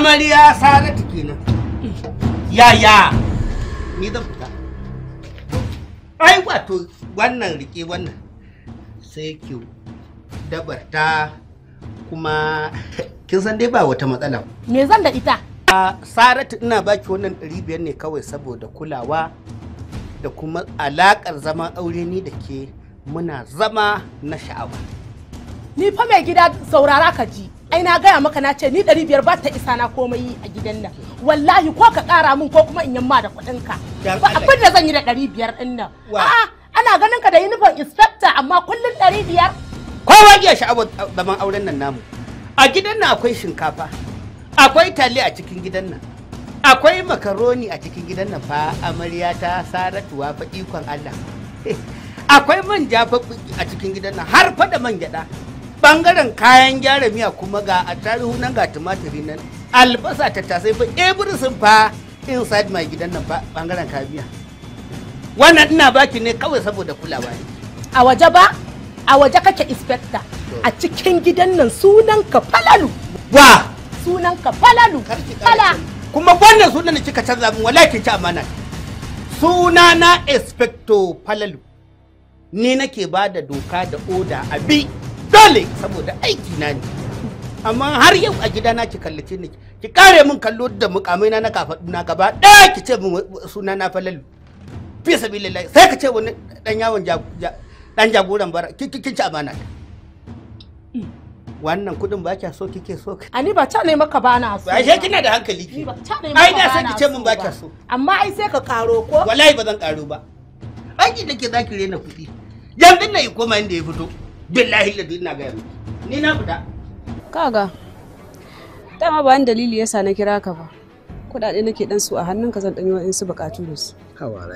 amarya saratu kenan yaya ni da fita ai wato wannan rike wannan sai ki dabarta kuma kin san dai ba wata matsala me zan da ita a saratu ina baki wannan ɗari biyar ne kawai saboda kulawa da kuma alakar zama aure ni da ke muna zama na sha'awa ni fa mai gida saurara ka ji ai na gaya maka na ce ni ɗari biyar ba ta isa na komai a gidan nan wallahi ko ka ƙara min ko kuma in yamma da kuɗin ka ba abin da zan yi da ɗari biyar ɗin nan a'a ana ganin ka da uniform inspector amma kullum ɗari biyar kowa ya sha'awar zaman auren nan namu a gidan nan akwai shinkafa akwai tali a cikin gidan nan akwai makaroni a cikin gidan nan fa amarya ta saratuwa fa ikon Allah akwai manja fa a cikin gidan nan har fa da man gyada bangaren kayan gyara miya kuma ga a tarihu nan ga tumatiri nan albasa ta tasai fa sun fa inside my gidan nan bangaren kayan miya wannan ina baki ne kawai saboda kulawa ne a waje ba a waje kake inspector a cikin gidan nan sunan ka falalu wa sunan ka falalu fala kuma wannan sunan da kika canza min wallahi kin ci amana na inspector falalu ni nake ba da doka da oda a bi dole saboda aiki na ne amma har yau a na ki kallace ni ki kare min kallo da mukamai na na na gaba ɗaya ki ce min suna na falalu fi sabilillahi sai ka ce wani dan yawon dan jagoran bara kin ci amana wannan kudin ba kya so kike so ka ani ba ta ne maka ba na so ashe kina da hankali ki ai da sai ki ce min ba kya so amma ai sai ka karo ko wallahi ba zan karo ba aiki da ke zaki rena kudi yanzu na yi koma inda ya fito billahi da ina ga ni na fita kaga dama ba ni dalili yasa na kira ka ba kudade nake dan su a hannun zan dan yi su bukatu da su hawa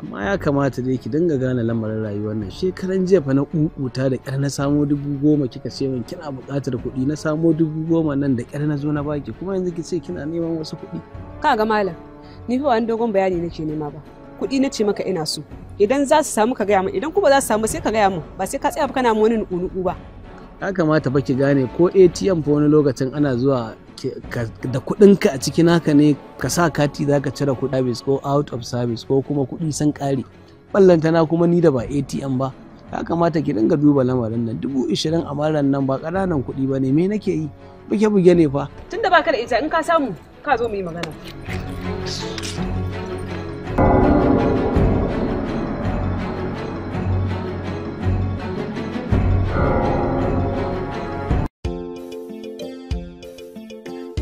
amma ya kamata dai ki dinga gane lamarin rayuwar nan shekaran jiya fa na kukuta da kyar na samo dubu goma kika ce min kina buƙatar kuɗi na samo dubu goma nan da kyar na zo na baki kuma yanzu ki ce kina neman wasu kuɗi kaga malam ni fa wani dogon bayani nake nema ba kuɗi na ce maka ina so idan za su samu ka gaya min idan kuma za su samu sai ka gaya min ba sai ka tsaya ba kana wani nuku ba ya kamata ba ki gane ko atm fa wani lokacin ana zuwa da ka a cikin haka ne ka sa kati za ka cire kuɗa bis ko out of service ko kuma kuɗi sun ƙare tana kuma ni da ba atm ba ya kamata ki dinga duba lamarin nan dubu ishirin a maran nan ba ƙananan kuɗi ba ne me nake yi buge-buge ne fa tunda baka da ita in ka samu ka zo mu yi magana